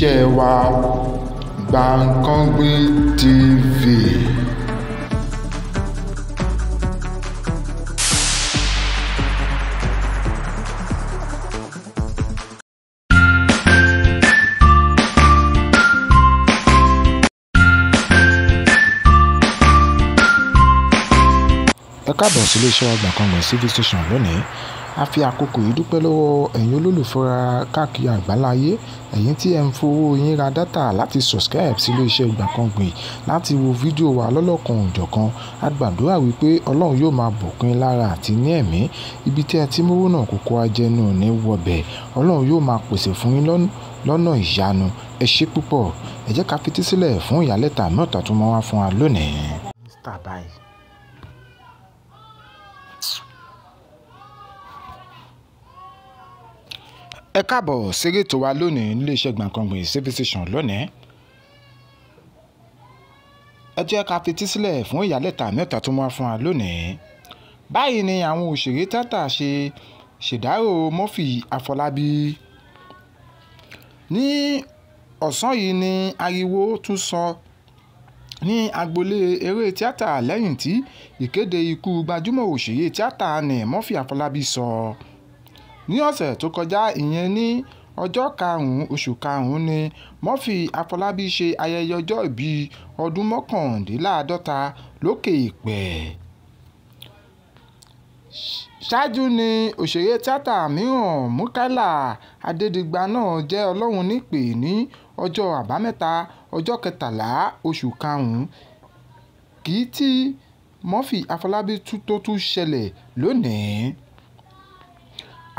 iléeṣẹ́ wa Gbankanbi TV. ẹ káàbọ̀ sí iléeṣẹ́ wa Gbankanbi TV station lónìí a fi àkókò yìí dúpẹ́ lọ́wọ́ ẹ̀yin olólùfẹ́ wa káàkiri àgbáláyé ẹ̀yin tí ẹ̀ ń fowó yín ra dátà láti subscribe sí iléeṣẹ́ Gbankanbi láti wo fídíò wa lọ́lọ́kan òjọ̀kan a gbàdúrà wípé ọlọ́run yóò máa bùkún lára àti ní ẹ̀mí ibi tí ẹ ti mówó náà kókó ajẹnu ní wọbẹ̀ ọlọ́run yóò máa pèsè fún yín lọ́nà ìyanu ẹ ṣé púpọ̀ ẹ jẹ́ ká fetí sílẹ̀ fún ìyálẹ́ta mẹ́ta tó máa wá fún wa lónìí. ẹ káàbọ̀ sórí ètò wa lónìí níléeṣẹ́ Gbankanbi civil station lónìí ẹ jẹ́ ká fetí sílẹ̀ fún ìyálẹ̀ta mẹ́ta tó wá fún wa lónìí báyìí ni àwọn òṣèré tátà ṣe ṣèdárò Murphy Afọlábí ní ọ̀sán yìí ni ariwo tún sọ ní agboolé eré tíátà lẹ́yìn tí ìkéde ikú gbajúmọ̀ òṣèré tíátà ni Murphy Afọlábí sọ. So Ní ọ̀sẹ̀ tó kọjá ìyẹn ní ọjọ́ karùn-ún oṣù karùn-ún ni Murphy Afolábí ṣe ayẹyẹ ọjọ́ ìbí ọdún mọ́kàndínláàádọ́ta lókè èèpẹ̀. Ṣáájú ní òṣèré tíátà mìíràn Mukaila Adédìgbà náà jẹ́ Ọlọ́run nípè ní ọjọ́ Àbámẹ́ta ọjọ́ kẹtàlá oṣù karùn-ún kí tí Murphy Afolábí tó tún ṣẹlẹ̀ lónìí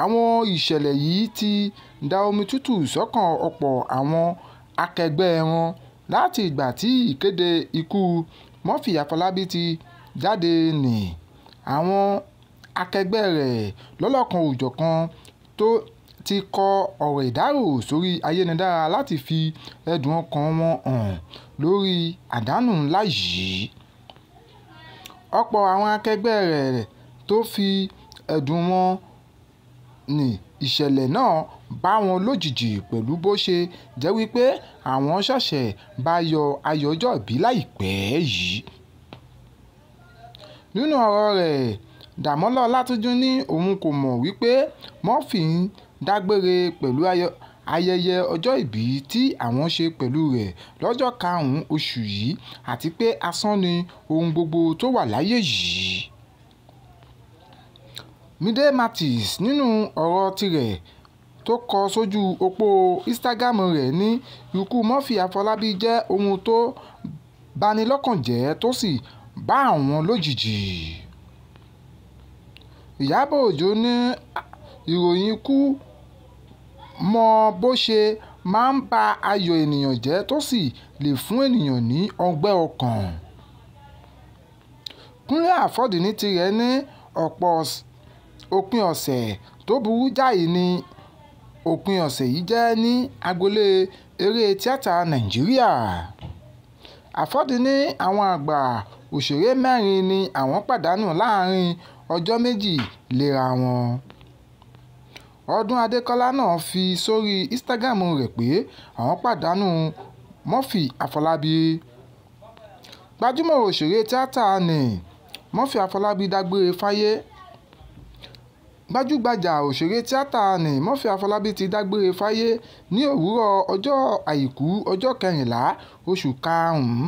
àwọn ìṣẹ̀lẹ̀ yìí ti da omi tútù sọ́kàn ọ̀pọ̀ àwọn akẹgbẹ́ wọn láti ìgbà tí ìkéde ikú Murphy Àfọlábí ti jáde ní àwọn akẹgbẹ́ rẹ̀ lọ́lọ́kan-ò-jọ̀kan tó ti kọ ọ̀rọ̀ ìdárò sórí ayélujára láti fi ẹ̀dùn ọkàn wọn hàn lórí àdánù ńlá yìí. ọ̀pọ̀ àwọn akẹgbẹ́ rẹ̀ tó fi ẹ̀dùn wọn ni ìṣẹ̀lẹ̀ náà bá wọn lójijì pẹ̀lú bó ṣe jẹ́ wípé àwọn ṣẹ̀ṣẹ̀ báyọ ayọ̀ ọjọ́òbí láìpẹ́ yìí. Nínú ọ̀rọ̀ rẹ̀, Dàmọ́lá Ọlátúnjí ní òun kò mọ̀ wípé Murphy ń dágbére pẹ̀lú ayẹyẹ ọjọ́ìbí tí àwọn ṣe pẹ̀lú rẹ̀ lọ́jọ́ karùn-ún oṣù yìí àti pé asán ni ohun gbogbo tó wà láyé yìí. Mide Martins nínú ọ̀rọ̀ tirẹ̀ tó kọ sójú òpó Instagram rẹ̀ ní ikú Murphy Àfọlábí jẹ́ ohun tó bani lọ́kàn jẹ́ tó sì bá àwọn lójijì. Ìyábọ̀ Òjó ní ìròyìn ikú mọ bó ṣe máa ń ba ayọ̀ ènìyàn jẹ́ tó sì lè fún ènìyàn ní ọgbẹ́ ọkàn. Kúnlé Àfọ́dì ní tirẹ̀ ní ọ̀pọ̀ ọ̀sẹ̀ òpin ọ̀sẹ̀ tó burú jáì ni òpin ọ̀sẹ̀ yìí jẹ́ ní agboolé eré tíátà nàìjíríà àfọ́dí ní àwọn àgbà òṣèré mẹ́rin ni àwọn pàdánù láàrin ọjọ́ méjì léra wọn ọdún adékọ́lá náà fi sórí instagram rẹ̀ pé àwọn pàdánù murphy àfọlábí gbajúmọ̀ òṣèré tíátà ni murphy àfọlábí dágbére fáyé gbajúgbajà òṣèré tíátà nì Murphy Àfọlábí ti dágbére fáyé ní òwúrọ̀ ọjọ́ àìkú ọjọ́ kẹrìnlá oṣù karùn-ún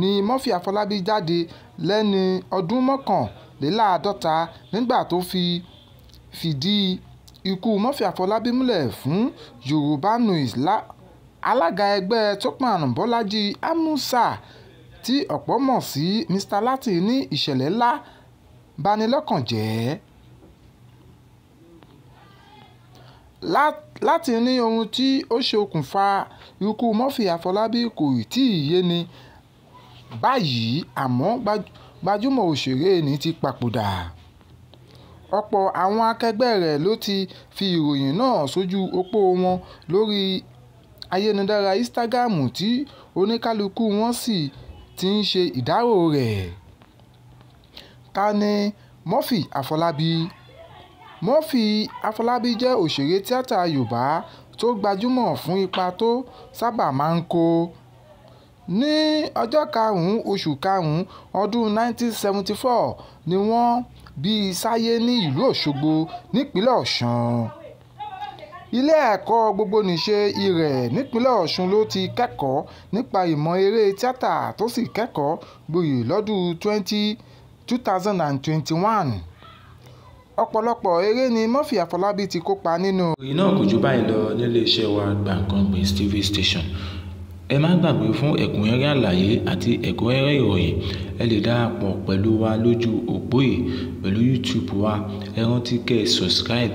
ni Murphy Àfọlábí jáde lẹ́ni ọdún mọ́kànléláàádọ́ta nígbà tó fi fìdí ikú Murphy Àfọlábí múlẹ̀ fún Yorùbá News alága ẹgbẹ́ Topman Bọ́lájí Amusa tí ọ̀pọ̀ mọ̀ sí Mr Látìn ní ìṣẹ̀lẹ̀ ńlá banilọ́kànjẹ́ láti ní ohun tí ó ṣokùnfà ikú Murphy Àfọlábí kò tí ì yéni báyìí àmọ́ gbajúmọ̀ òṣèré ni ti papòdà. Ọ̀pọ̀ àwọn akẹgbẹ́ rẹ̀ ló ti fi ìròyìn náà sójú òpó wọn lórí ayélujára Instagram tí oníkálukú wọn sì ti ń ṣe ìdárò rẹ̀. Ta ni Murphy Àfọlábí? Murphy Àfọlábí jẹ́ òṣèré tíátà Yorùbá tó gbajúmọ̀ fún ipa tó sábà máa ń kó. Ní 5 oṣù karùn-ún ọdún 1974 ni wọ́n bí i sáyé ní ìlú Òṣogbo nípínlẹ̀ Ọ̀ṣun. Ilé ẹ̀kọ́ gbogbonìṣe irẹ̀ nípínlẹ̀ Ọ̀ṣun ló ti kẹ́kọ̀ọ́ nípa ìmọ̀ eré tíátà tó sì kẹ́kọ̀ọ́ gboyè lọ́dún 2021 ọ̀pọ̀lọpọ̀ eré ni Murphy Àfọlábí ti kópa nínú. ìròyìn náà kò jù báyìí lọ nílé iṣẹ́ wa Gbankanbi TV station ẹ má gbàgbé fún ẹ̀kúnrẹ́rẹ́ àlàyé àti ẹ̀kúnrẹ́rẹ́ ìròyìn ẹ lè darapọ̀ pẹ̀lú wa lójú òpó yìí pẹ̀lú YouTube wa ẹ rántí kẹ́ ẹ subscribe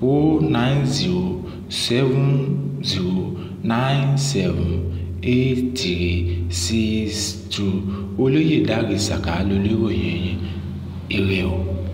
o nine zero seven zero nine seven eight three six two olóyèdárì saka lolóròyìn yín ire o